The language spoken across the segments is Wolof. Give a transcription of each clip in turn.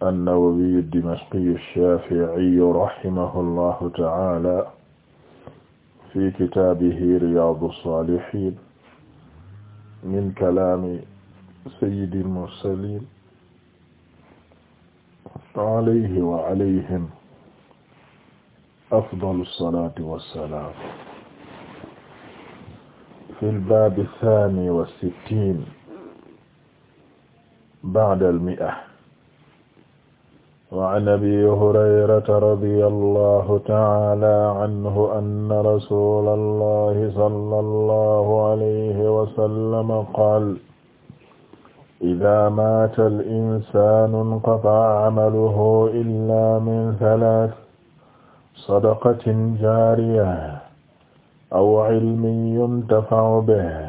an-Nawawi ad-Dimashqi ash-Shafi'i rahimahu llahu ta'ala fi kitaabihi Riyaadu s-Saalihiin min kalaami sayyidil mursaliin alayhi wa alayhim afdalu s-salaati wa s-salaam fil baabi ath-thaani wa s-sittiin ba'da al-mi'a وعن أبي هريرة رضي الله تعالى عنه أن رسول الله صلى الله عليه وسلم قال إذا مات الإنسان انقطع عمله إلا من ثلاث صدقة جارية أو علم ينتفع به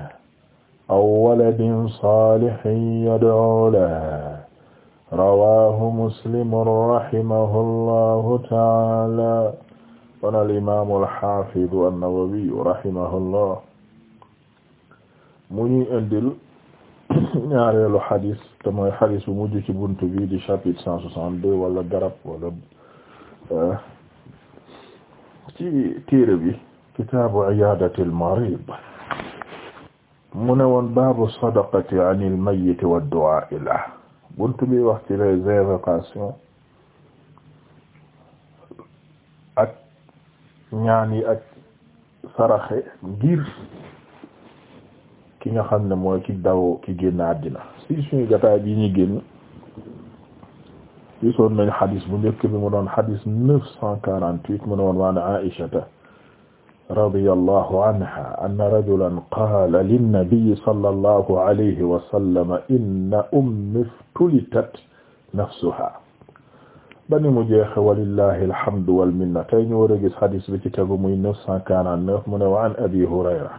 أو ولد صالح يدعو له rawaahu muslimun rahimahullahu taala kon alimaamu alxaafidu annawawiyu rahimahullah mu ñuy indil ñaareelu xadis te mooy xadis bu mujj ci buntu bi di chapitre cent soixante-deux wala garab wala euh, ci téere bi kitaabu iyaadati almarid mu ne woon baabu sadaqati an almayit wa du'aa lahu buntu bi wax ci les invocations ak ñaan yi ak saraxe ngir ki nga xam ne mooy ki daw ki génn àddina si suñu gataay bi ñu génn gisoon nañ xadis bu njëkk bi mu doon xadis neuf cent quarante-huit mu ne woon waa ne Aïchata radiyallahu anha anna rajulan qaala linnabiy sallallahu alayhi wa sallam inna ummi ftulitat nafsuha bani mu jeexe walillahi alhamdu wal minna tey ñu war a gis hadis bi ci tegu muy 949 mu ne wa an abi hurayra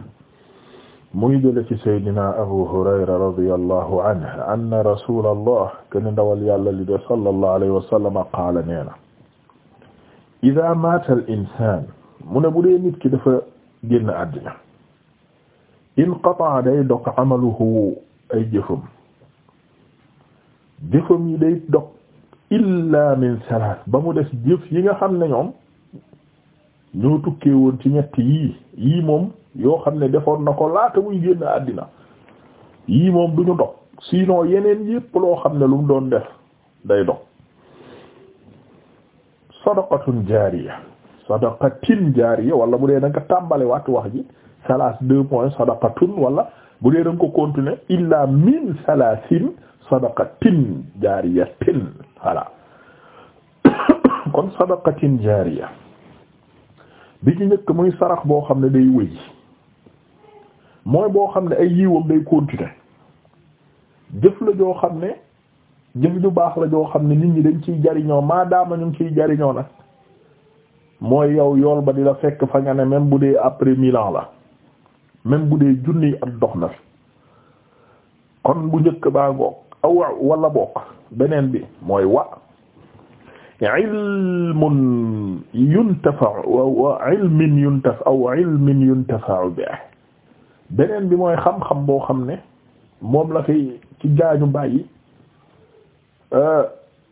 mu ngi jële ci saydina abu hurayra radiyallahu anhu anna rasulallah ken ndawal yàlla li de sallallahu alayhi wa sallam qaala nee na idaa maata al insaan mu ne bu dee nit ki dafa génn àddina inqataa day dog amaluhu ay jëfam jëfam yi day dog illa min salaas ba mu des jëf yi nga xam ne ñoom ñoo tukkee woon ci ñett yii yii moom yoo xam ne defoon na ko laata muy génn àddina yii moom duñu dog sinon yeneen yépp loo xam ne lu mu doon def day dog sadaqatun jaariya sadaqatin jaariya wala bu dee da tàmbali tàmbale wax ji salas deux points sadaqatun wala bu dee da ko continuer illa min salasin sadaqatin jaariyatin voilà kon sadaqatin jaariya bi ci njëkk muy sarax boo xam ne day wëy mooy boo xam ne ay yiwam day continuer jëf la joo xam ne jëf ju baax la joo xam ne nit ñi dañ ciy jariñoo maadaama ñu ngi ciy jariñoo nag mooy yow yool ba di la fekk fa nga ne même bu dee après mille la même bu dee junni at dox na fi kon bu njëkk baa ngoog aw wala bokk beneen bi mooy wa ilmun yuntafa'u wa ilmin yuntafa'u aw beneen bi mooy xam-xam boo xam ne moom la fi ci gaañu bàyyi euh,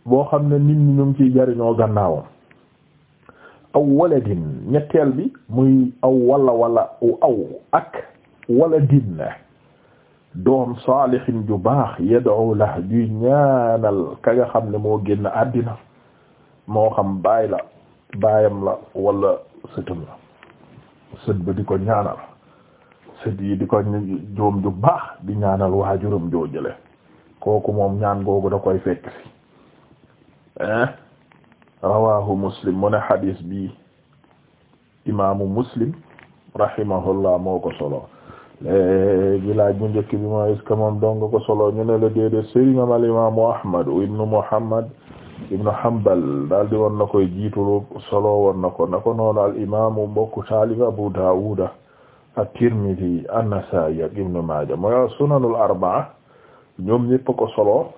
boo xam ne nit ñi ñu jariñoo gannaawam aw waladin ñetteel bi muy aw wala wala aw ak waladin doom saalihin ju baax yad'u la juy ñaanal ka nga xam ne moo génn àddina moo xam baay la baayam la walla sëtam la sët ba di ko ñaanal sët yi di ko doom ju baax di ñaanal waajuram joo jële kooku moom ñaan googu da koy fekk si eh? rawahu muslim mu ne xadis bi imaamu muslim rahimahullah moo ko solo léegi laaj bu njëkk bi mooy est-ce que ko solo ñu ne la déedéet al imaamu ahmad ibnu muhammad ibnu hanbal daal di woon na solo woon ko na al imaamu mbokku taalib abu daawuda at-tirmidhi an-nasaa'i ibnu maaja mooy sunanul arbaa ñoom ñépp ko solo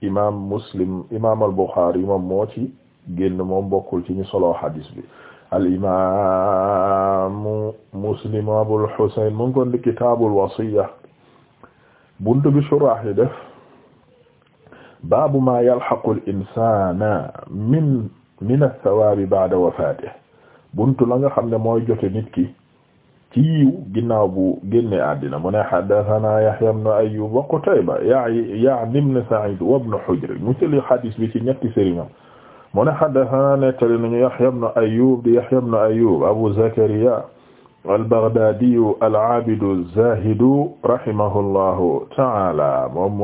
imaam muslim al buxaari moom moo ci génn moom bokkul ci ñu solo hadis bi al imaamu muslim abul husayn mu ngi kon di kitaabul wasiya buntu bi surah baabu maa yalhaqu al insaana min min ath-thawaabi ba'da buntu la nga xam ne mooy jote nit ki ci yiw ginnaaw bu génne àddina mu ne haddathana Yahya ibn Ayyub wa Qutayba ya'ni ibn Sa'id wa ibn Hujr mu seli hadis bi ci ñetti sëriñam mu ne haddathana nettali nañu Yahya ibn Ayyub di Yahya ibn Ayyub Abu Zakariya al-Baghdadi al-abid az-zahid rahimahullahu ta'ala moom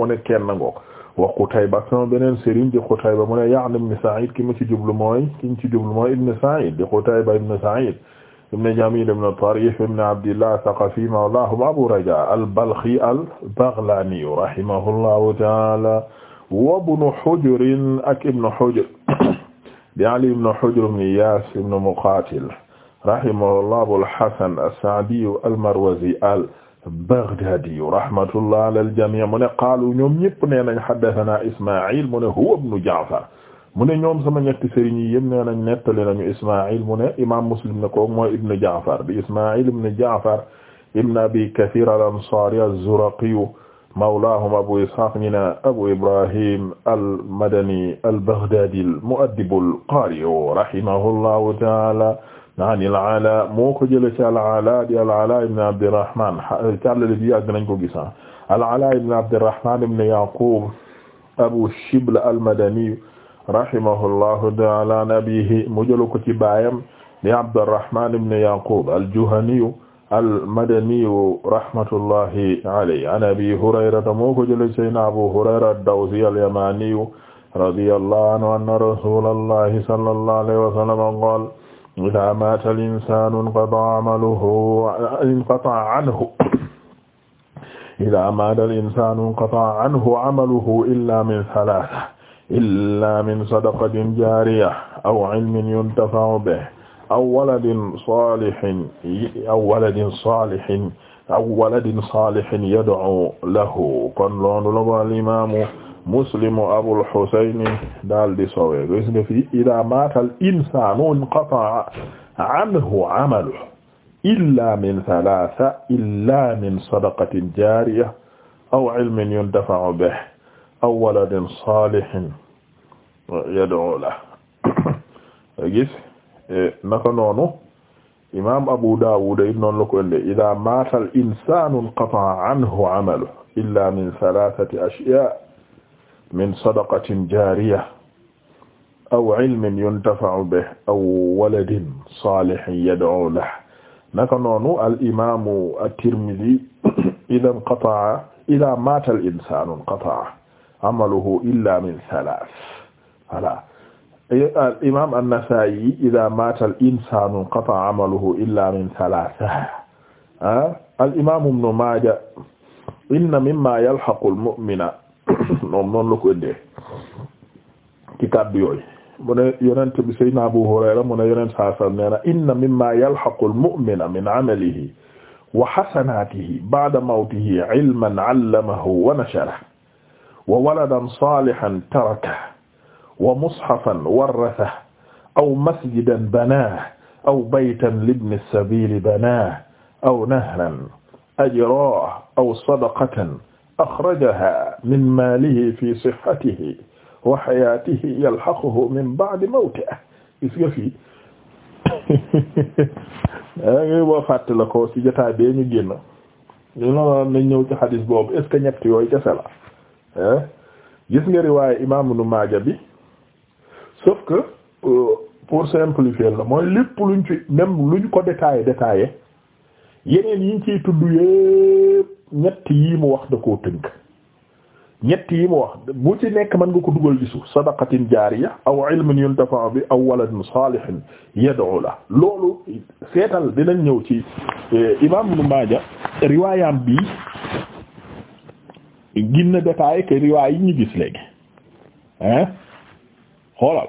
mu ne kenn ngoog wa Qutayba sama beneen sëriñ di Qutayba mu ne ya'ni ibn Sa'id ki mu ci jublu mooy ki mu ci jublu mooy ibn Sa'id di Qutayba ibn Sa'id ibn Jamil ibn Tarif ibn Abdillah Thaqafi mawlahum Abu Raja al-Balkhi al-Baghlani rahimahullahu ta'ala wa ibn Hujr ak ibn Hujr bi Ali ibn Hujr ibn Iyas ibn Muqatil rahimahullah Abul Hasan as-Sa'di al-Marwazi al-Baghdadi rahmatullah ala al-jami' mu ne qaalu ñoom ñëpp nee nañ haddathana Isma'il mu ne huwa ibn Ja'far mu ne ñoom sama ñetti sëriñ yi yëpp nee nañ nettali nañu Ismaïl mu ne imaam Muslim ne ko mooy Ibn Ja'far bi Ismaïl ibn Ja'far ibn Abi Kathir al-Ansari az-Zuraqi mawlaahum Abu Ishaq ñi ne Abu Ibrahim al-Madani al-Baghdadi al-mu'addib al-qari rahimahullahu ta'ala an al-Ala moo ko jëlee ci al-Ala di al-Ala ibn Abdirrahman càllale bi yàgg nañ ko gisan al-Ala ibn Abdirrahman ibn Yaqub Abu Shibl al-Madani rahimahullahu taala an abihi mu jëla ko ci baayam di Abdurrahman ibn Yaqub al-Juhaniyu al-Madaniyu rahmatullahi alayhi an abi Hurayrata moo ko jëla sayna Abu Hurayra ad-Dawsi al-Yamaniyu radiyallahu anhu anna rasulallahi sallallahu alayhi wa sallam qaala idaa maata al-insaanu inqata'a amaluhu inqata'a anhu idaa maata al-insaanu inqata'a anhu amaluhu illaa min salaasa illaa min sadaqatin jaariya aw ilmin yuntafa'u bihi aw waladin saalihin aw waladin saalihin aw waladin saalihin yad'u lahu kon loolu la ko alimaamu muslimu abul xusayni daal di soowee gis nga fi idaa maata al insaanu inqata'a anhu amaluhu illaa min salaasa illaa min sadaqatin jaariya aw ilmin yuntafa'u bihi aw waladin salihin yad'u la gis e, naka noonu imam Abu Dawud it noonu la ko inde ida mata al insanu inqata'a anhu 'amaluhu illa min thalathati ashya' min sadaqatin jariya aw ilmin yuntafa'u bihi aw waladin salihin yad'u lahu naka noonu al imamu at-Tirmidhi ida inqata'a ida mata al insanu inqata'a amaluhu illa min salaas voilà euh, imaam an-Nasaa'i idaa maata al-insaanu inqata'a amaluhu illa min salaasa ah al-imaam ibnu Maaja inna mimmaa yalhaqu al-mu'mina moom noonu la ko indee ci kàddu yooyu mu ne yonent bi Seydina Abu Hurayra mu ne yonent saa sallam nee na inna mimmaa yalhaqu al-mu'mina min amalihi wa hasanaatihi ba'da mawtihi ilman allamahu wa nasharahu wa waladan salihan tarakahu wa mushafan warrasahu aw masjidan banaahu aw baytan libni sabili banaahu aw nahran ajraahu aw sadaqatan axrajahaa min maalihi fi sihhatihi wa hayaatihi yalhaquhu min ba'di mawtihi gis nga fii dangay eh, boo fàtte la ko ci jotaay bee ñu génn ñu ne la nañ ñëw ci xadis boobu est ce que ñett yooyu kese la gis nga riwaayu imaamu nu maaja bi sauf que euh, pour simplifier la mooy lépp luñ ci même luñ ko détaillé détaillé yeneen yiñ ciy tudd yépp ñett yi mu wax da koo tënk ñett yi mu wax bu ci nekk mën nga ko dugal ci suuf sadaqatin jaariya aw ilmin yuntafa bi aw waladin salihin yad'u la loolu seetal dinañ ñëw ci euh, imam ibn Maaja riwaayam bi ginna détaillé que riwaay yi ñu gis léegi hein xoolal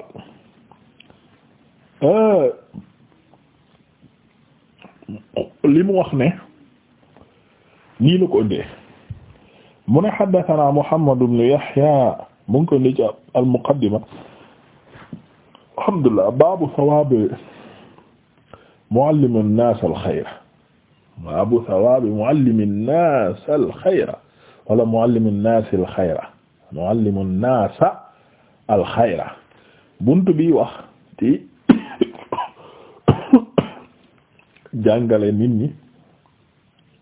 euh, li mu wax ne nii la ko mu ne haddathana Muhammad ibn mu ngi ko indi ci al-muqaddima baabu thawaabi mu'allimi an-naas al baabu thawaabi mu'allimi an-naas al wala muallimu naasi alxayra muallimu naasa alxayra buntu bi wax ci jàngale nit ñi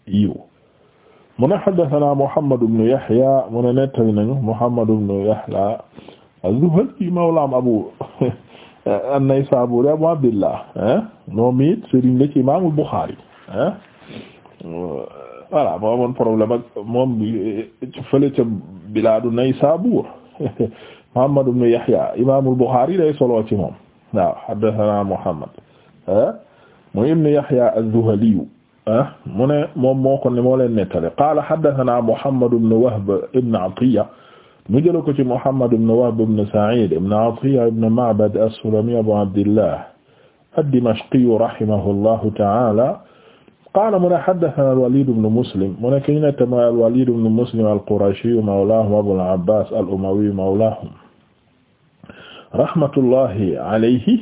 yiw mu ne haddathana Muhammad ibn Yahya mu ne nettali nañu Muhammad ibn Yahya az-Zuhali mawlaam Abu an-Naysaburi Abu Abdillah ah, moom it sëriñ la ci Imaamul Buxaari ah. voilà moo amoon problème ak moom fële ca bilaadu Naysaabuur Muhammad ibn Yahya imaamul Buxaari day solo ci moom waaw haddasanaa Muhammad ah, mu ibn Yahya az-Zuhaliyu ah, mu ne moom moo ko ne moo leen nettale qaala haddasanaa Muhammad ibn Wahb ibn Atiyya mu jël ko ci Muhammad ibn Wahb ibn Sa'iid ibn Atiyya ibn Ma'bad as-Sulami Abu Abdillah ad-Dimashqiyu rahimahu Allahu ta'aala qaala mu ne haddasanaa al-Waliid ibnu Muslim mu ne kii nag mooy al-Waliid ibnu Muslim al-Qurashiyyu mawlaahum Abul Abbaas al-Umawiyyu mawlaahum rahmatullahi alayhi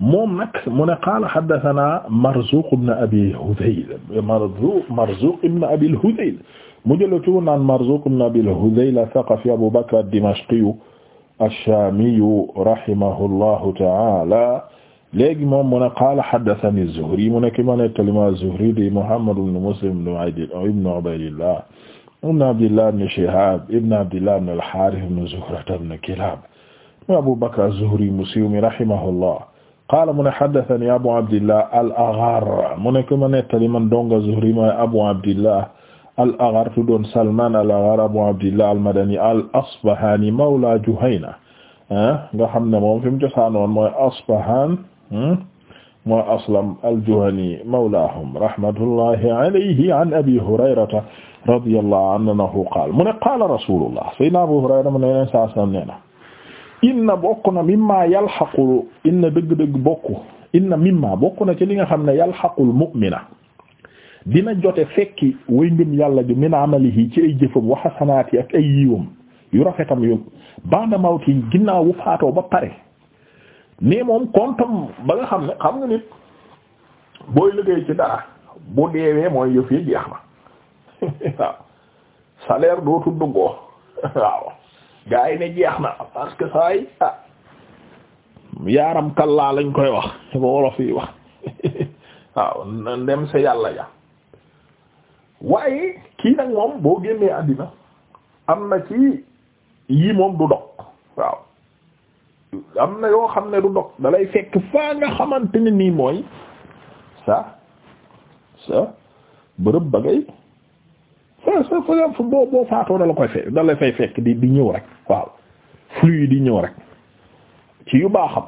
moom nag mu ne qaala haddasanaa Marzuuq ibnu Abii Hudayl Marzuuq Marzuuq ibnu Abii Hudayl mu jëloon ci naan Marzuuq ibnu Abii Hudayl as-Saqafiyyu Abuu Bakr ad-Dimashqiyyu ash-Shaamiyyu rahimahullahu ta'aala léegi moom mu ne qaala haddathani Zuhri mu ne ki ma nettali ma Zuhri di Muhammad ibn Muslim ibn Ubaydillah ibn Abdillah ibn Shihab ibn Abdillah ibn al-Harith ibn Zuhra ibn Kilab Abu Bakr az-Zuhri mu siiw mi rahimahullah qaala mu ne haddathani Abu Abdillah al-Aghar mu ne ki ma nettali man donga Zuhri ma Abu Abdillah al-Aghar tuddoon Salman al-Aghar Abu Abdillah al-Madani al-Asbahani mawla Juhayna ah, nga xam ne moom fi mu cosaanoon mooy Asbahan moo hmm? aslam aljuhani mawlaahum rahmatullahi alayhi an abi hurayrata radiyallahu anhu qaala mu ne qaala rasulullah sayyidina abu hurayra mu ne yeneen saa sallam nee na inna bokk na mimma yalxaqul inna dëgg-dëgg bokk inna mimma bokk na ci li nga xam ne yalxaqul mu'mina dina jote fekki way ngëm yàlla ju min amalihi ci ay jëfam wa xasanaati ak ay yiwam yu rafetam yu ba'da mawti ginnaaw wu faatoo ba pare mais moom kontam ba nga xam ne xam nga nit booy liggéey ci dara bu deewee mooy yëf yi jeex na waaw salaire dootul duggoo waaw gaa yi ne jeex na parce que saa yi ah yaaram kallaa lañ koy wax ba wolof yi wax waaw ndem sa yàlla ja waaye kii nag moom boo génnee àddina am na ci yi moom du dog waaw am na yoo xam ne du dog dalay fekk faa nga xamante ne nii mooy sa sa bërëb ba ngay sa boo boo faatoo dala koy fekk dala di di ñëw rek waaw flux yi di ñëw rek ci yu baaxam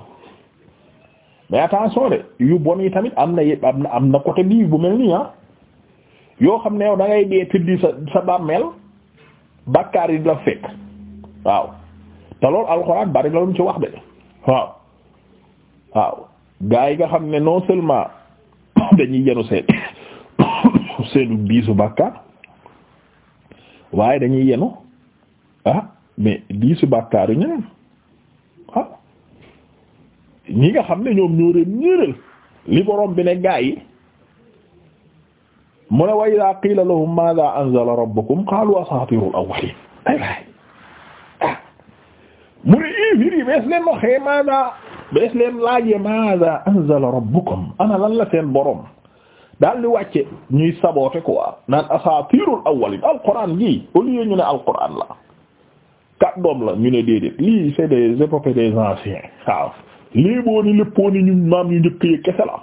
mais attention de yu bon yi tamit am na yëpp am na am na côté bii bu mel nii ah yoo xam ne yow da dee tëddi sa sa bàmmeel bàkkaar yi di fekk waaw te loolu alxuraan bari la lu mu ci wax de waaw waaw gaa yi nga xam ne noo seulement dañuy yenu seen seenu biisu bàkkaar waaye dañuy yenu ah mais biisu bàkkaaru ñeneen ñi nga xam ne ñoom ñoo reen ñéeral li borom bi ne gaa yi mu ne wa idaa qiila lahum maadaa anzala rabbukum qaalu asaatiirul awwaliin mu ne infiri bees leen waxee maada bees leen laajee maada anzala rabbukum ana lan la seen borom daal di wàcce ñuy saboote quoi naan asatirul awwalin alquran gi au lieu ñu ne alquran la kat doom la ñu ne déedéet lii c'est des épopées des lii boo ni léppoo ni ñu maam yu njëkk la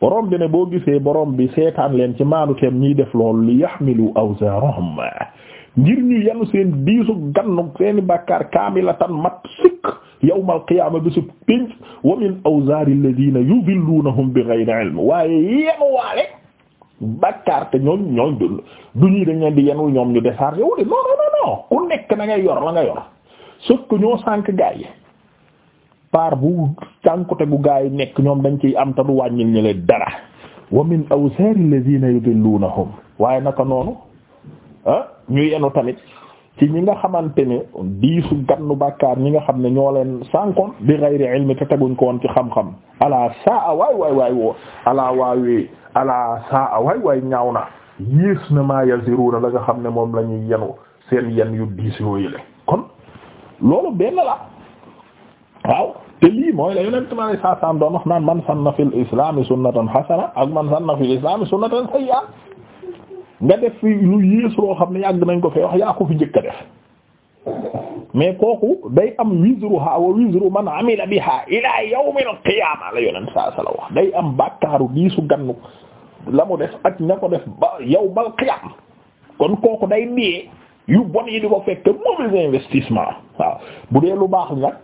borom bi ne boo gisee borom bi seetaan leen ci maanu teem ñiy def lool li yaxmilu awzaarahum ngir ñu yanu seen diisu gannu seeni bàkkaar kaamilatan mat sikk yawmal qiyaama bisu pénc wa min awzaari alladhiina yudilluunahum bighayri ilm waaye yenu waale bàkkaar te ñoom ñoom du ñuy dañ leen di yenu ñoom ñu déchargé wu de non non ku nekk na ngay yor la nga yor sauf que ñoo sànk gaa yi par bu cànkute gu gaa yi nekk ñoom dañ ciy am te du wàññil ñu leen dara wa min awzaari alladhiina yudilluunahum waaye naka noonu ah? ñu yenu tamit ci ñi nga xamante ne diisu gannu bàkkaar ñi nga xam ne ñoo leen sànkoon bi gayri ilmi te teguñ ko ci xam-xam ala saa waay waay waay woo ala waawee ala saa waay waay ñaaw na yées na maa yasiruuna la nga xam ne moom la ñuy yenu seen yen yu diis yooyu le kon loolu benn la waaw te lii mooy la yonent lay man sanna fil islaami sunnatan hasana ak man sanna fil islaami sunnatan sayyi'a nga def fi lu yées loo xam ne yàgg nañ ko fee wax yaa ko fi njëkk a def mais kooku day am wizruha wa wizru man amila biha ila yawmil qiyaama la yonent saa sala wax day am bàkkaaru diisu gannu la def ak ña ko def ba yawmal qiyaam kon kooku day ndiyee yu bon yi di ko fekk mauvais investissement waaw bu dee lu baax nag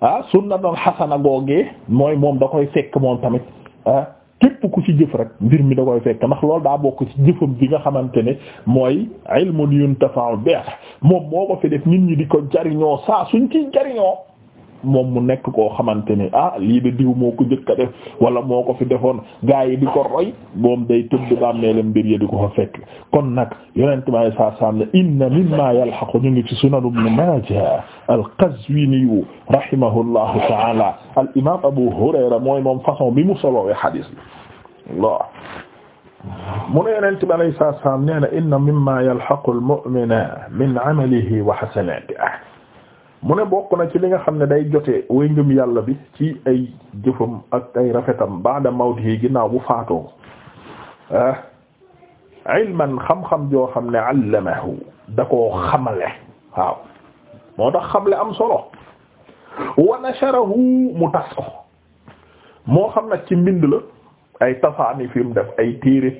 ah sunna doon xasana googee mooy moom da koy fekk moom tamit ah, képp ku ci jëf rek mbir mi da koy fekk ndax loolu daa bokk ci jëfam bi nga xamante ne mooy ilmun yuntafa'u bih moom moo ko fi def nit ñi di ko jariñoo saa suñ ciy jariñoo moom mu nekk koo xamante ni ah lii de diw moo ko jëkk a def wala moo ko fi defoon gaa yi di ko roy moom day tëdd bàmmeelam mbir yi di ko fa fekk kon nag yonent bi alayhi salaatu salaam ne inna mimma yalhaqu ñu ngi ci sunan ibn Maaja al-Qazwini rahimahullahu ta'ala al imam Abu Hurayra mooy moom façon bi mu solowee xadiis bi Allah mu ne yonent bi alayhi salaatu salaam nee na inna mimma yalhaqu al-mu'mina min amalihi wa hasanatihi mu ne bokk na ci li nga xam ne day jotee way ngëm yàlla bi ci ay jëfam ak ay rafetam ba'da mawtihi ginnaaw bu faatoo ah ilman joo xam ne allamahu da xamale waaw moo tax xamle am solo wa nasharahu mu tas ko moo xam nag ci mbind la ay tasaani fi mu def ay téere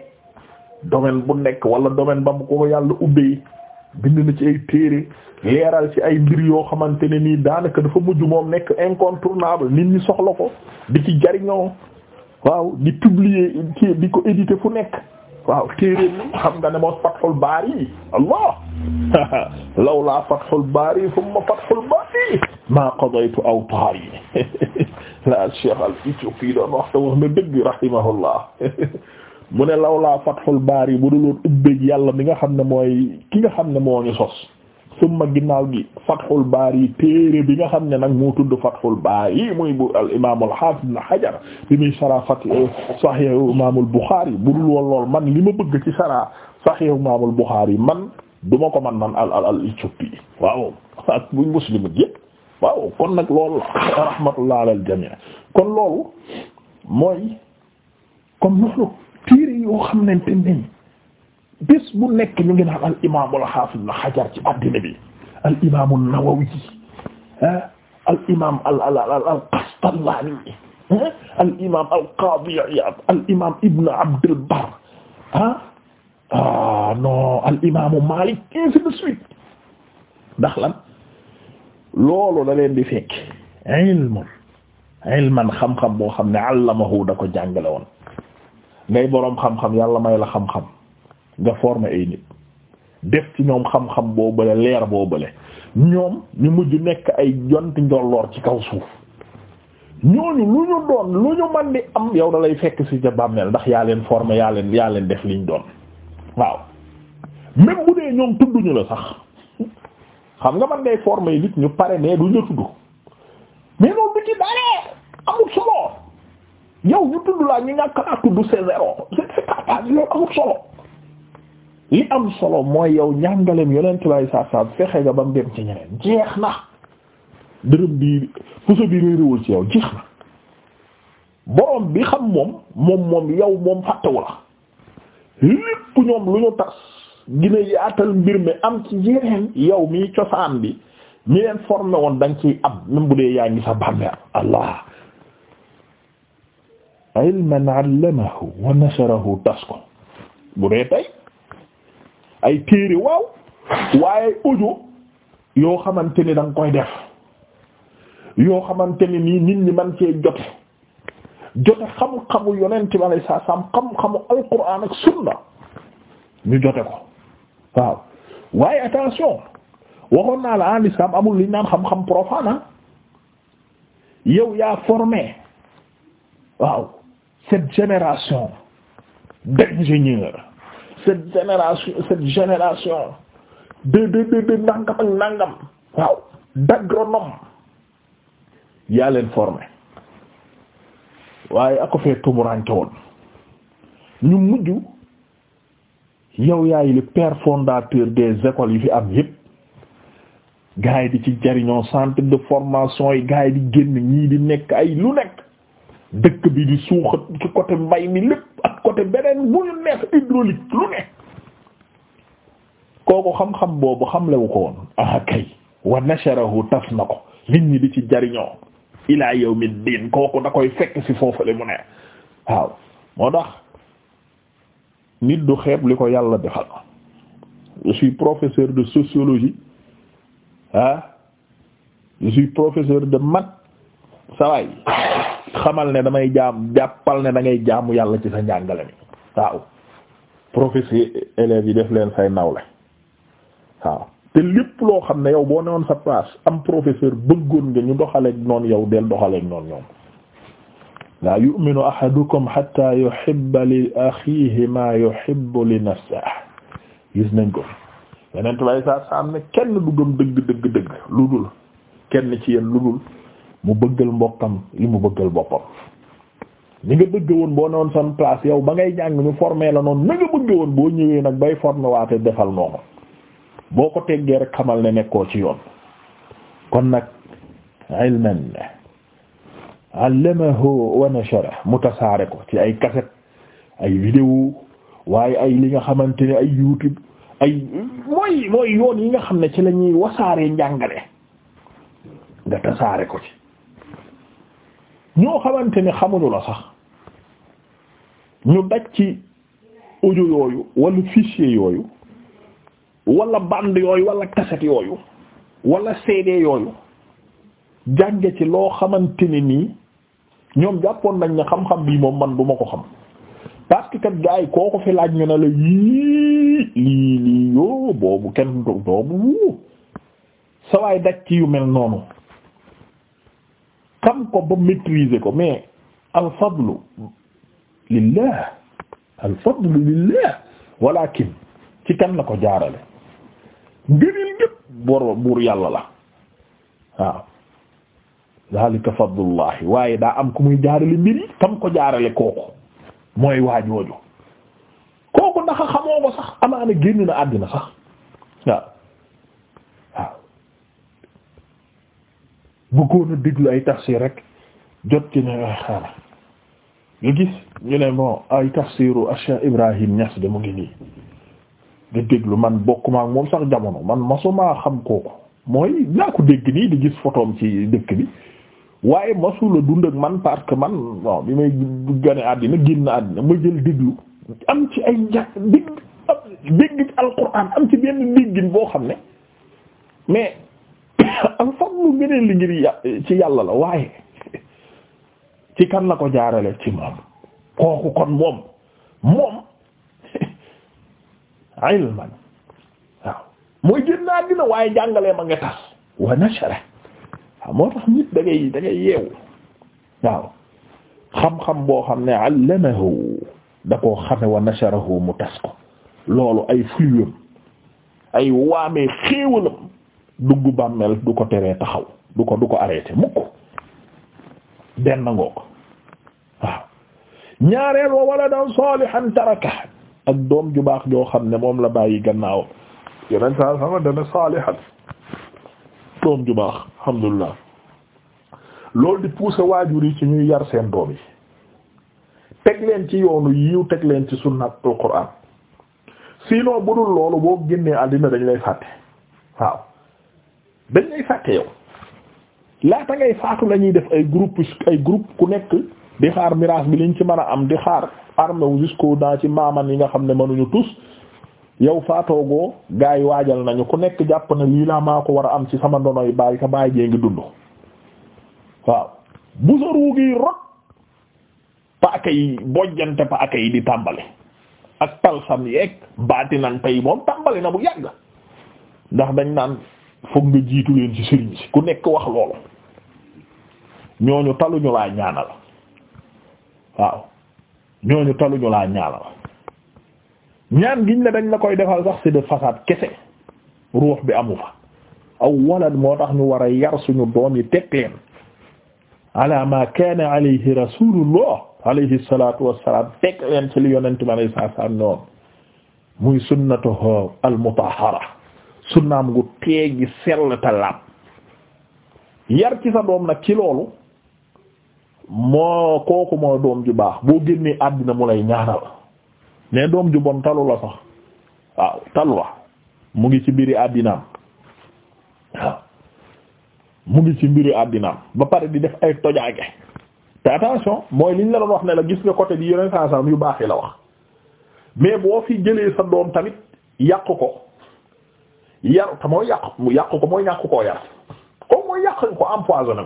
domaine bu nekk wala domaine ba mu ko yàlla ubbee bind na ci ay téere leeral ci ay mbir yoo xamante ne nii daanaka dafa mujj moom nekk incontournable nit ñi soxla ko di ci jariñoo waaw di publier di ko éditer fu nekk waaw téere xam nga ne moos Fathul Bari allah lawla Fathul Bari thumma Fathul Bari ma qadaytu awtari la Cheikh al Ethiopi doon wax wax na dëgg rahimahullah mu ne lawlaa fathul baari bu dul woon ubbeeg yàlla mi nga xam ne mooy ki nga xam ne moo ñu sos summa ginnaaw gi fathul baari téere bi nga xam ne nag moo tudd fathul baari muy bu al imaam al haafiz ibn hajar bi muy sara fat eh, sahih imaamul buxaari bu dul woon lool man li ma bëgg ci sara sahih imaamul buxaari man du ma ko man man al al al icopi waaw ak bu muslim yëpp waaw kon nag loolu rahmatullah ala al jamii kon loolu mooy comme noonu téere yoo xamante ni bés bu nekk ñu ngi al imaam al xaafis na xajar ci addina bi al imaam ah, al imaam al al al al Qastallaani ah, al imaam ah ah non al imaamu Maalik ainsi de suite ndax lan loolu da leen di fekk ilmun ilman xam-xam boo xam ne allamahu da ko jàngale woon. ngay boroom xam-xam yàlla may la xam-xam nga former ay nit def ci ñoom xam-xam boo bële leer boo bële ñoom ñu mujj nekk ay jonti njolloor ci kaw suuf ñooñu lu ñu doon lu ñu man di am yow da lay fekk ci ca bàmmeel ndax yaa leen former yaa leen yaa leen def liñ doon waaw même bu dee ñoom tudduñu la sax xam nga man ngay former nit ñu pare ne du ñu tudd mais du ci dara amul solo yow ñu tudd laa ñu ñàkk laa tudd c'est li am solo mooy yow ñàngaleem yonent baay saa saa fexe nga ba mu dem ci ñeneen jeex na dërëm bi puso bi réeréwul ci yow jeex na borom bi xam moom moom moom yow moom fàttewu la lépp ñoom lu ñu tas gina yaatal mbir mi am ci yeneen yow mi cosaan bi mi leen formé woon danga ciy am même bu dee yaa ngi sa bàmmeel allah ilman allamahu wa nasharahu tas ko ay téere waaw waaye audio yoo xamante ni da koy def yoo xamante ni nii nit ñi man kee jote jote xam-xamu yonent bi alayhi salaam xam-xamu alquran ak sunna ñu jote ko waaw waaye attention waxoon naa la en islam amul li ñu naan xam-xam profane ah, yow yaa formé waaw cette génération d'ingénieurs cette génération cette génération de de de de nangam ak nangam waaw d'agronome yaa leen formé waaye ako fee tumuranke woon ñu mujj yow yaay le père fondateur des écoles yi fi am yépp gars yi di ci jariñoo centre de formation yi gars di génn ñii di nekk ay lu nekk dëkk bi di suuxa ci côté mbay ni lépp ak côté beneen bu ñu neex hydraulique lu ne kooku xam-xam boobu xamlewu ko ah kay wa nasharahu tas na ko nit ñi di ci jariñoo yow mi yawmiddin kooku da koy fekk ci foofale mu ne waaw moo tax nit du xeeb li ko yàlla defal je suis professeur de sociologie ah je suis professeur de maths saway xamal ne damay jaam jàppal ne dangay ngay jaamu yàlla ci sa njàngale mi waaw professeur élèves yi def leen say nawle waaw te lépp loo xam ne yow boo newoon sa place am professeur bëggoon nga ñu doxaleek noonu yow del doxaleek noonu ñoom laa yu'minu ahadukum hatta yuhibba li akhihi ma li nafsihi gis nañ ko yeneen tubaab saa saa am ne kenn du dëgg dëgg dëgg lu dul kenn ci yéen lu dul mu bëggal mbokkam li mu bëggal boppam li nga bëgg woon boo newoon san place yow ba ngay jàng ñu formé la noonu na nga bëgg woon boo ñëwee nag bay formé waate defal noonu boo ko teggee rek xamal na nekkoo ci yoon kon nag ilman allamahu wa mu tasaare ko ci ay kaset ay vidéo waaye ay li nga xamante ne ay youtube ay mooy mooy yoon yi nga xam ne ci la ñuy wasaaree njàngale nga tasaare ko ci ñoo xamante ni xamuñu la sax ñu daj ci audio yooyu wala fichier yooyu wala bande yooyu wala cassette yooyu walla CD yooyu jànge ci loo xamante ne nii ñoom jàppoon nañ ne xam-xam bii moom man duma ko xam parce gaay kat gars koo ko fi laaj ñu ne la yii lii lii yoo boobu kenn doobu wu daj ci yu mel noonu xam ko ba maîtriser ko mais al fadlu lillah al fadlu lillah walakin ci kan la ko jaarale ngënil gépp bor buur yàlla la waaw zalika fadlullahi waaye daa am ku muy jaarale mbir yi kam ko jaarale kooku mooy waajooju kooku ndaxa xamoo ko sax amaana génn na àddina sax bëggoon a déglu ay tafsir rek jot ci ne ah, xaala nga gis ñu ne bon ay tafsiru Cheikh Ibrahim Niass de mu ngi nii nga déglu man bokkuma ak moom sax jamono man masuma xam kooku mooy naa ko dégg nii di gis photoom ci dëkk bi waaye masula dund ak man parce man bi may gane àddina génn àddina ma jël déglu am ci ay nja dégg dégg ci alquran am ci benn déggin boo xam ne mais al fadlu ngëneel li ngir ci yàlla la waaye ci kan la ko jaarale ci moom kooku kon moom moom ilman waaw mooy génn àddina waaye jàngalee ma nga tas wa nashara waaw moo tax nit da ngay yeewu waaw xam-xam boo xam ne allamahu da koo xame wa nasharahu mu tas ko loolu ay fluam ay waamee xéewalam dugg bàmmeel du ko teree taxaw du ko du ko arrêté mukk benn ngoog waaw ñaareel wa waladan salihan taraka ak doom ju baax joo xam ne moom la bàyyi gannaaw yeneen saa sama dana salihan doom ju baax alhamdulillah loolu di pousser waajur yi ci ñuy yar seen doom yi teg leen ci yoonu yi teg leen ci sunnatul Qur'an sinon budul loolu boo génnee àddina dañ lay fàtte waaw dañ lay fàtte yow laata ngay faatu la def ay groupe ay groupe ku nekk di xaar miraas bi liñ ci mën a am di xaar armé wu jusqu'au ci maaman yi nga xam ne mënuñu tus yow faatoogoo gars yi waajal nañu ku nekk jàpp na lii laa maa ko war a am ci sama ndonoy bàyyi ka bàyyi jee ngi dund waaw bu sa ruugi rot paaka yi bojjante paaka yi di tàmbali ak talsam yeeg baati nan tey moom tàmbali na bu yàgg ndax dañ naan foog nga jiitu leen ci sëriñ si ku nekk wax loolu ñooñu taluñu laa ñaanal waaw ñaan giñ la dañ la koy defal sax c'est de façade kese ruux bi amu fa aw walad moo tax ñu war a yar suñu doom yi teg leen ala ma kaana alayhi rasulullah alayhi salatu wassalam teg leen ci li yonente mi alayhi salaatu muy sunnatuhu al mutahhara sunnaam gu teegi sell te laab yar ci sa doom nag ci loolu moo kooku moo doom ju baax boo génnee àddina mu lay ñaanal mais doom ju bon talu la sax waaw talu la mu ngi ci mbiri àddinaam waaw mu ngi ci mbiri àddinaam ba pare di def ay tojaage te attention mooy liñ la wax ne la gis nga côté bi yeneen saa yu baax yi la wax mais boo fi jëlee sa doom tamit yàq ko yar te yàq mu ko mooy ñàkk koo yar comme mooy ko empoisonné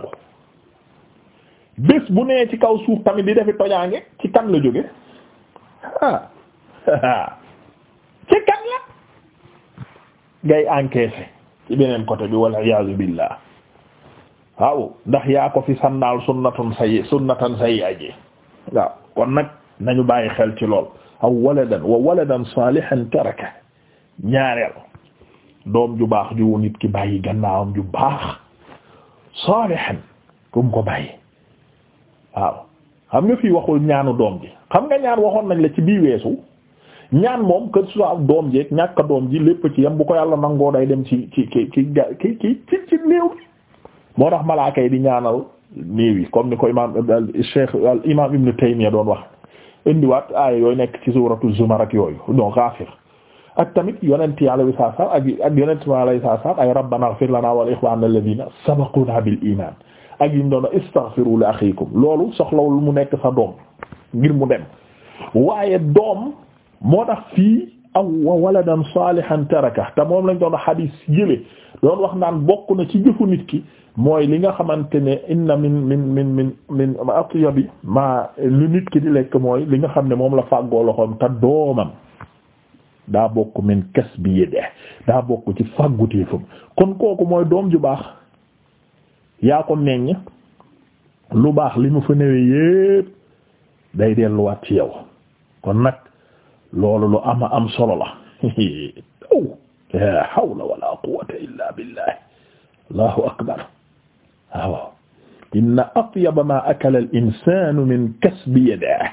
bu nee ci kaw suuf tamit di defi tojaange ci kan la jóge ah ci kan la ngay encaisser ci beneen côté bi walla iyaazu billaah waaw ndax yaa ko fi sannaal sunnatun sayyi sunnatan sayyi aji waaw kon nag nañu bàyyi xel ci lool aw waladan wa waladan salihan taraka ñaareel doom ju baax ju nit ki bàyyi gannaawam ju baax salihan kum ko bàyyi waaw xam nga fii waxul ñaanu doom ji xam nga ñaan waxoon nañ la ci bii weesu ñaan moom que ce soit doom ji ñàkk doom ji lépp ci yam bu ko yàlla nangoo day dem ci ci ci ci ci néew bi moo tax malaaka di ñaanal néew yi comme ni ko imaam Cheikh al imaam Ibn Taymiyya doon wax indiwaat aaya yooyu nekk ci suuratu Zumar ak yooyu donc Ghafir ak tamit yonent yàlla bi saa saa ak ak yonent yàlla bi saa saa ay rabbana ighfir lana wa li ikhwanina alladhina sabaquna bil iman ak yi mu doon istaghfiru li akhikum loolu soxlawul mu nekk sa doom ngir mu dem waaye doom moo tax fii aw waladan salihan taraka te moom lañ doon xadis yële doon wax naan bokk na ci jëfu nit ki mooy li nga xamante ne inna min min min min min atyabi ma lu nit ki di lekk mooy li nga xam ne moom la fàggoo loxoom te doomam daa bokk min kasbi yede daa bokk ci fàgguteefam kon kooku mooy doom ju baax yaa ko meññ lu baax li mu fa newee yépp day delluwaat ci yow kon nag loolu lu ama am solo la xawla oh, la hawla wala quwwata illa billah allahu akbar waaw inna ma akala al insanu min kasbi yadihi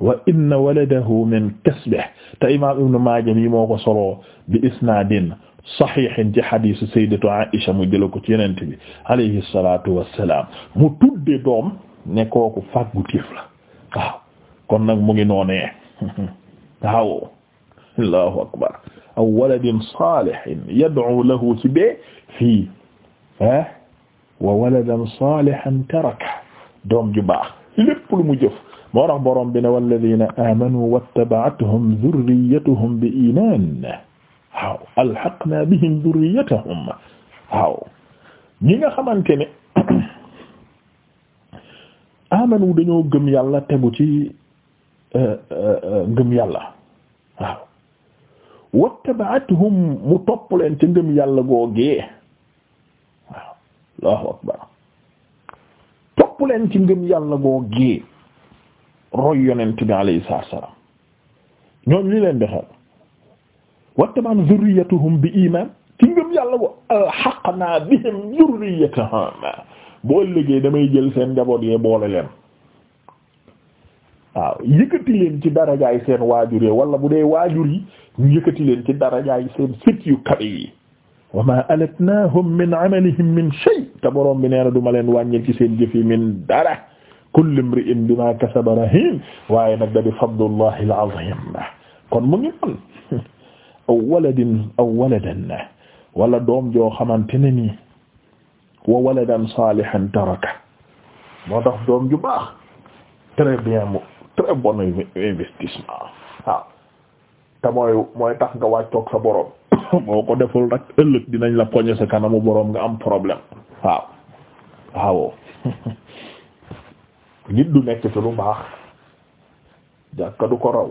wa inna waladahu min kasbihi te imaam Ibn Maaja mi moo ko soloo bi isnaadin saxiixin ci xadiisu sayyidatu Aisha mu jëla ko ci yonent bi alayhi salaatu wassalaam mu tudde doom ne kooku fàggu tiif la waaw kon nag mu ngi noonee waaw allahu akbar aw waladin saalihin yad'u lahu ci bee fii ah wa waladan saalihan taraka doom ju baax lépp lu mu jëf moo tax borom bi ne walladina amanu wattaba'athum dhurriyyatuhum bi iman waaw alhaqna bihim dhurriyyatahum waaw ñi nga xamante ne amanu dañoo gëm yàlla tegu ci eh, eh, ngëm yàlla waaw wattaba'athum mu topp leen ca ngëm yàlla googee waaw allahu akbar topp leen ci ngëm yàlla googee roy yonent bi alayhi salaam ñoom li leen dexal wattaban zurriyatuhum bi iman ci ngëm yàlla wa alhaqna euh, bihim zurriyatuhum boo liggéey damay jël seen njaboot yee boole leen waaw yëkkati leen ci darajaay seen waajur yi wala bu dee waajur yi ñu yëkkati leen ci darajaay seen sët yu kabe yi wa ma alatnahum min amalihim min shay te borom bi nee duma leen wàññil ci seen jëf yi min dara kullu imri'in ma kasaba rahin waaye nag da bi fadlullahi al-azim kon mu ngi noonu aw waladin aw waladan wala doom joo xamante ne nii wa waladan salihan taraka moo tax doom ju baax très bien mu très bon investissement waaw te mooy mooy tax nga wàccoog sa boroom boo ko deful rek ëllëg dinañ la poñe kanamu boroom nga am problème waaw waaw nit du nekk ci lu baax jàkka du ko raw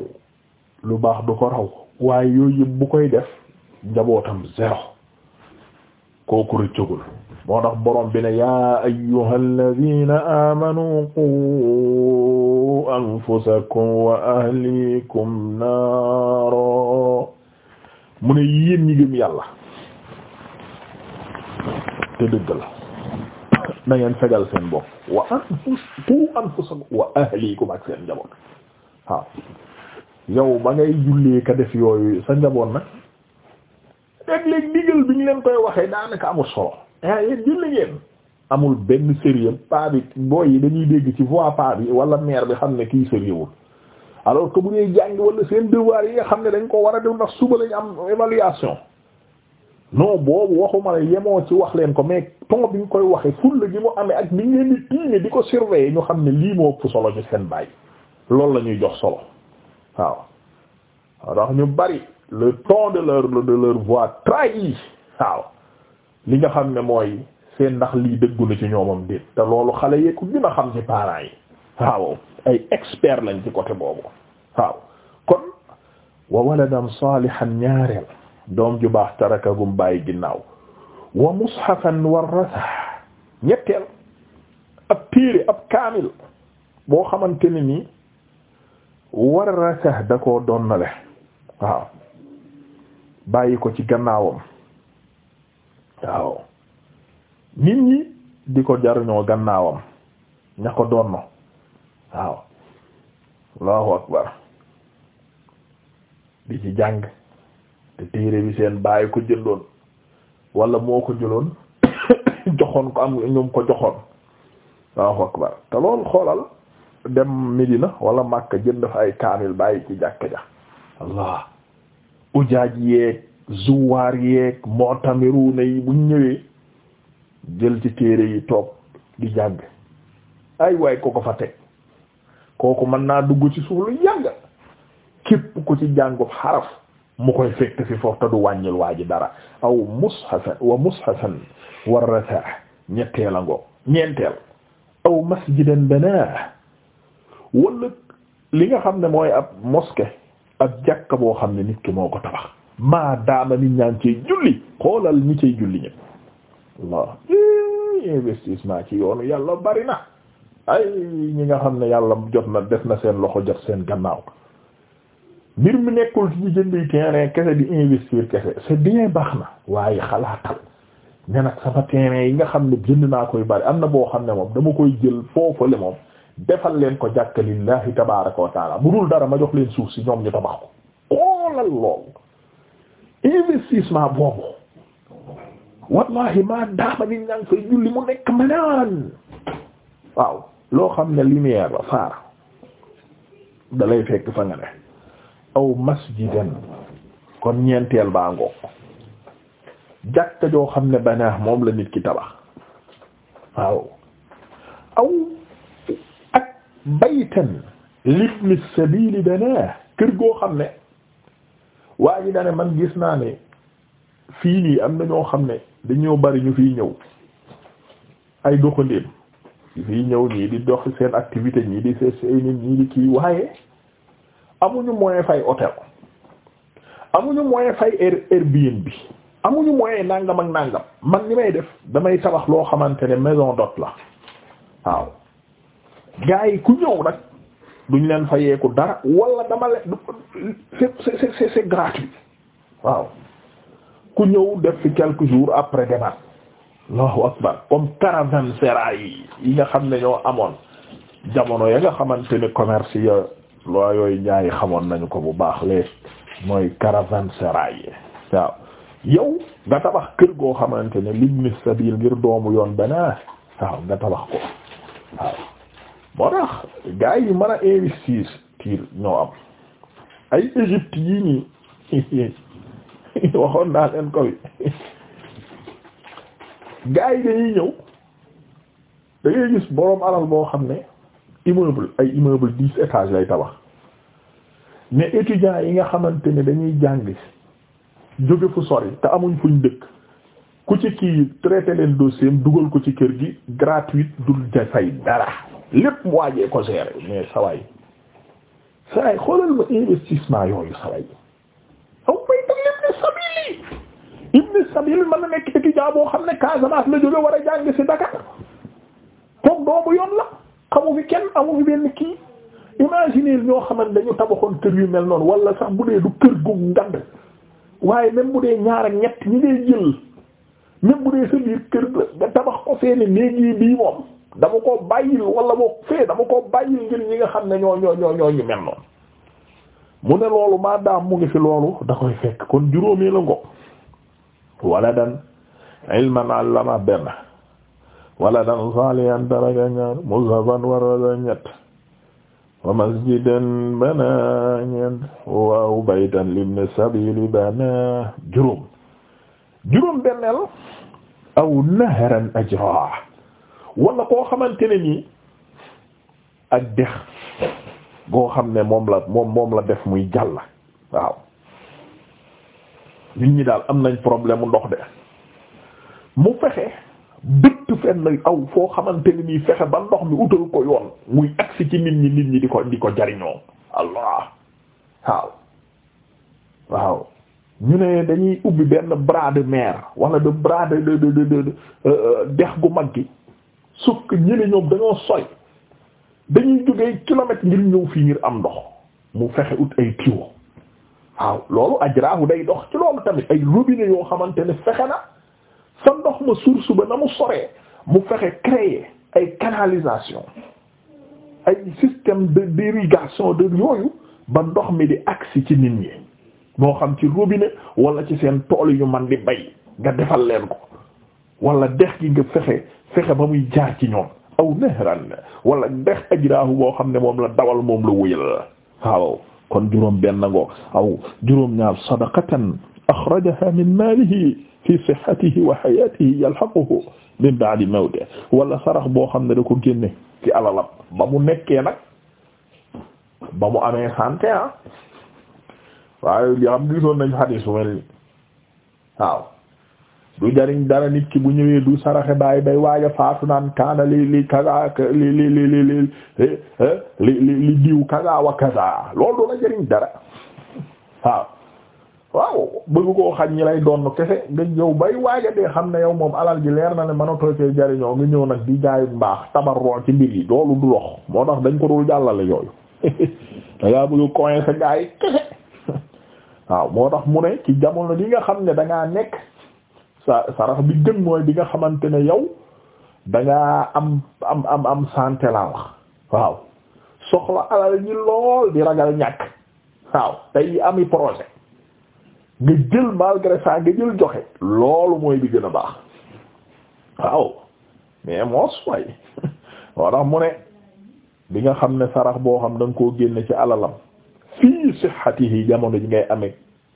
lu baax du ko raw waaye yooyu yëpp bu koy def njabootam zéro kooku rëccagul moo tax borom bi ne yaa ayyuhal ladina amanu qu anfusakum wa ahlikum naaro mu ne yéen ñi gëm yàlla te dëgg na ngeen fegal seen bopp wa anfus ku anfusakum wa ahlikum ak seen njaboot waaw yow ba ngay jullee ka def yooyu sa njaboot nag léeg léegi digal bi ñu leen koy waxee daanaka amul solo ah yéen julli ngeen amul benn sérieux paa bi booy yi dañuy dégg ci voix paa bi wala mère bi xam ne kii sérieuxul alors que bu jàng wala seen devoir yi nga xam ne dañ ko war a def ndax suba lañu am évaluation. non boobu waxuma la yemoo ci wax leen ko mais ton bi nga koy waxee fulla gi mu amee ak bi ngeen di di ko surveiller ñu xam ne lii moo ëpp solo ñu seen bàyyi loolu la ñuy jox solo waaw waaw ndax ñu bari le ton de leur de leur voix trahit waaw li nga xam ne mooy seen ndax lii dëggu ci ñoomam déet te loolu xale yeeku gën a xam ci parents yi waaw ay expert lañ ci côté boobu waaw kon wa waladan salihan ñaareel doom ju baax taraka gum bàyyi ginnaaw wa mushafan warrasa ñetteel ab téere ab kaamil boo xamante ne nii warrasa da koo donnale waaw bàyyi ko ci gannaawam waaw nit ñi di ko jaruñoo gannaawam ña ko donno waaw allahu akbar di ci jàng te téere seen bàyyi ko jëndoon wala moo ko jëloon joxoon ko am ñoom ko joxoon waaw te loolu xoolal dem Medina wala Makka jënd fa ay kaamil bàyyi ci jàkka ja allah ujaaj yeeg zuwaar yeeg mootamiru na yi buñ ñëwee jël ci téere yi toog di jàng ay waay ko ko fa teg kooku mën naa dugg ci suuf lu képp ku ci jàngub xaraf mu koy fekk ci foofu te du wàññil waa ji dara aw mushafan wa mushafan warrata ñetteel a ngo ñeenteel aw masjidan banaa wala li nga xam ne mooy ab moske ab jàkka boo xam ne nit ki moo ko tabax maa daama nit ñaan ciy julli xoolal ñi ciy julli ñëpp Allah eh, investissement ci yoonu yàlla bari na ay ñi nga xam ne yàlla jot na def na seen loxo jot seen gannaaw mbir mi nekkul ci jëndi terrain kese di investir kese c'est bien baax na waaye xalaatal ne nag sama terrain yi nga xam ne jënd naa koy bari am na boo xam ne moom dama koy jël foofale moom defal leen ko jàkka lillahi tabaaraka wa bu dul dara ma jox leen suuf si ñoom ñu tabax ko xoolal loolu investissement boobu wallahi maa daama di ñaan fay julli mu nekk manaan waaw loo xam ne lumière la faar dalay fekk fa nga ne aw masjidan kon ñeenteel baa ngoog jàkka joo xam ne banaa moom la nit ki tabax waaw aw ak baytan libni sabili banaa kër goo xam ne waa ji dane man gis naa ne fii nii am na ñoo xam ne dañoo bari ñu fiy ñëw ay doxandéem ñu fiy ñëw nii di dox seen activité ñii di seet seen nit ñii di kii waaye amuñu moyen fay hôtel amuñu moyen fay air bi amuñu moyen nangam ak nangam man ni may def damay tabax loo xamante ne maison d'hôte la waaw gars yi ku ñëw nag duñ leen fayeeku dara wala dama leen c'est c'est c'est gratuit waaw ku ñëw def fi quelques jours après demaat Allahu akbar comme caravansérail yi yi nga xam ne ñoo amoon jamono ya nga xamante ne commerce ya loo yooyu ñaari xamoon nañu ko bu baax lee mooy caravansérail waaw yow nga tabax kër goo xamante ne libni sabil ngir doomu yoon beneen waaw nga tabax ko waaw moo tax gars yi mën a investir tiir ñoo am ay Égypte yii nii waxoon naa leen ko wi gars yi ñëw da gis boroom alal boo xam ne immeuble ay immeuble dix étages lay tabax mais étudiants yi nga xamante ne dañuy jàng jóge fu sori te amuñ fuñ dëkk ku ci kii traité leen dossier dugal ko ci kër gi gratuite dul jafay dara lépp mu waajee ko gérer mais sawaay sawaay xoolal ma investissement yooyu sawaay aw oh, may dam ibne sabil yi ibne sabil na nekk étudiant boo xam ne Casamance la jóge war a jàng ci Dakar kooku doomu yoon la xamu fi kenn amu fi benn kii imaginer ñoo xamante dañu tabaxoon kër yu mel noonu wala sax bu dee du kër gu ngand waaye même bu dee ñaar ak ñett ñi ngay jël même bu dee sa biir kër nga tabax ko fee ne léegi bii moom dama koo bàyyil wala boo fee dama koo bàyyil ngir ñi nga xam ne ñoo ñoo ñoo ñoo ñu mel noonu mu ne loolu maa daam mu ngi fi loolu da koy fekk kon juróomee la ngo wala dan ilman allama benn wala dan salihan daraka ñaar ñett ma masjidan bana ñeent waaw baytan libni sabili bana juróom juróom benneel aw naharan ajra wala koo xamante ne ak dex goo xam ne moom la moom moom la def muy jàll waaw nit ñi daal am nañ problème ndox de mu fexe bët fëtt fenn aw foo xamante ni nii fexe ba ndox mi utal ko yoon muy agsi ci nit ñi nit ñi di ko di ko jariñoo allah waaw waaw ñu ne dañuy ubbi benn bras de mer wala de bras de de de de euh, euh, dex gu mag gi sauf que ñële ñoom dañoo soy dañuy jógee kilomètre ngir ñëw fii ngir am ndox mu fexe ut ay tuyaux waaw loolu ajraahu day dox ci tamit ay robinet yoo xamante ne fexe na sa ndox ma source ba na mu soree mu fexe créer ay canalisation ay système de d'irrigation de yooyu ba ndox mi di agsi ci nit ñi moo xam ci robinet wala ci seen tool yu man di bay nga defal leen ko wala dex gi nga fexe fexe ba muy jaar ci ñoom aw nehran wala dex ajraahu boo xam ne moom la dawal moom la wuyal waaw kon juróom benn ngoo aw juróom ñaar sadaqatan axrajaha min maalihi fi sihhatihi wa hayatihi yalhaquhu min ba'di mawtihi wala sarax boo xam ne da ko génne ci alalam ba mu nekkee nag ba mu amee santé ah waaye li xam gisoon nañ xadis bu mel ni waaw du jariñ dara nit ki bu ñëwee du saraxe bàyyi bay waaja faatu naan kaana li li li li li li li diw kaza wa kaza loolu du la jariñ dara waaw waaw bëgg koo xañ ñi lay doon kese nga ñëw bay waaja dee xam ne yow moom alal ji leer na ne mën a tookee jariñoo nga ñëw nag di jaayu mbaax tabarroo ci mbir yi doolu du dox moo tax dañ ko dul jàllale yooyu dangaa bëgg coin sa gaa moo tax mu ne ci jamono li nga xam ne dangaa nekk sa bi gën bi nga xamante ne yow dangaa am am am am santé laa wax waaw soxla alal ñi lool di ragal ñàkk waaw tey ami projet nga jël malgré ça nga jël joxe loolu mooy bi gën a baax waaw mais moos way woo tax mu ne bi nga xam ne sarax boo xam da nga koo génne ci alalam fii sihhatihi jamono ji ngay amee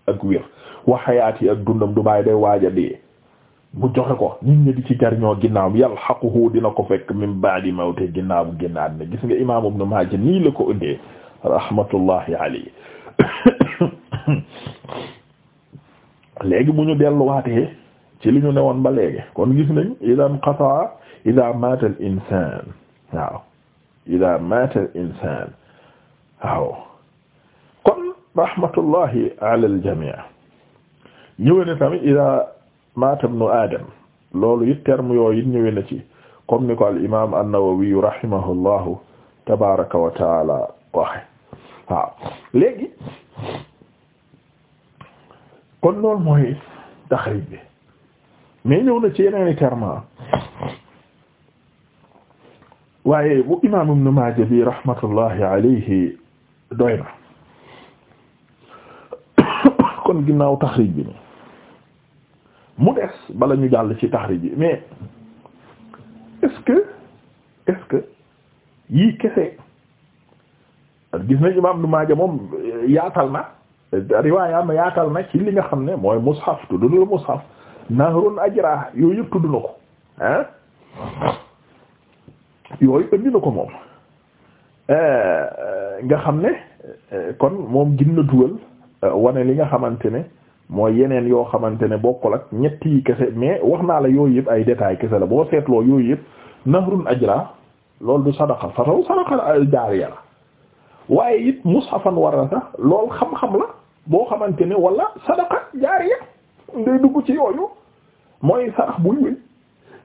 ak wér wa hayati ak dundam du bàyyi day waaja a dee mu joxe ko nit ñi di ci jariñoo ginnaaw yalhaquhu dina ko fekk min ba'di mawte ginnaaw bu génnaat ne gis nga imam Ibn Majah nii la ko ëndee rahmatullahi alayhi léegi bu ñu delluwaatee ci li ñu newoon ba léegi kon gis nañ idan qata ida mata al insan waaw ida mata al insan waaw kon rahmatullahi ala al jami' ñëwee na adam loolu it terme yooyu it ñëwee na ci comme ni ko al imam an-Nawawi rahimahullahu waxe waaw kon loolu mooy taxrij bi mais ñëw na ci yeneen termes waaye bu imaam Ibn Maaja bi rahmatullahi alayhi doy na kon ginnaaw taxrij bi ni mu des bala ñu jàll ci taxrij bi mais est-ce que est que yii kese gis nañ imaam Ibn Maaja moom yaatal na riwaay am yaatal na ci li nga xam ne mooy mushaf tudd na mushaf nahrun ajra yooyu yëpp tudd na ko ah yooyu indi na ko moom eh, nga xam ne eh, kon moom gin na dugal eh, wane li nga xamante ne mooy yeneen yoo xamante ne bokkul ak ñetti yi kese mais wax naa la yooyu yëpp ay détails kese la boo seetloo yooyu yëpp nahrun ajra loolu du sadaqa fataw sadaqa jaariya la waaye it mushafan warasa lool xam-xam la boo xamante ne wala sadaqa jaariya ngay dugg ci yooyu mooy sarax buy wéy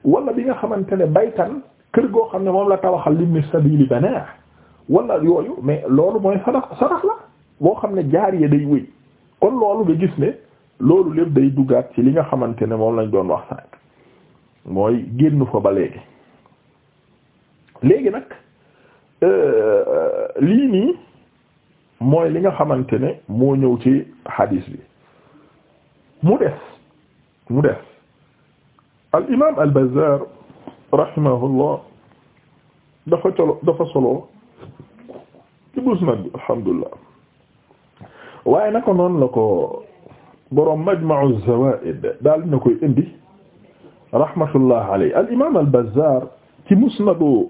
wala bi nga xamante ne baytan kër goo xam ne moom la tabaxal limni sabili bana wala yooyu mais loolu mooy sadax sadax la boo xam ne jaariya day wéy kon loolu nga gis ne loolu lépp day duggaat ci li nga xamante ne moom lañ doon wax sànq mooy génn fa ba léegi léegi nag euh, lii nii mooy li nga xamante ne moo ñëw ci hadis bi mu def mu def al imaam al Bazzaar rahimahullah dafa solo dafa solo ci musnad bi alhamdulillah waaye naka noonu la ko boroom Majma'u Zawaa'id daal na koy indi rahmatullah alayhi al imaam al Bazzaar ci musnadu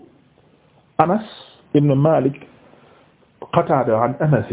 Anas ibn Malik Qataada an Anas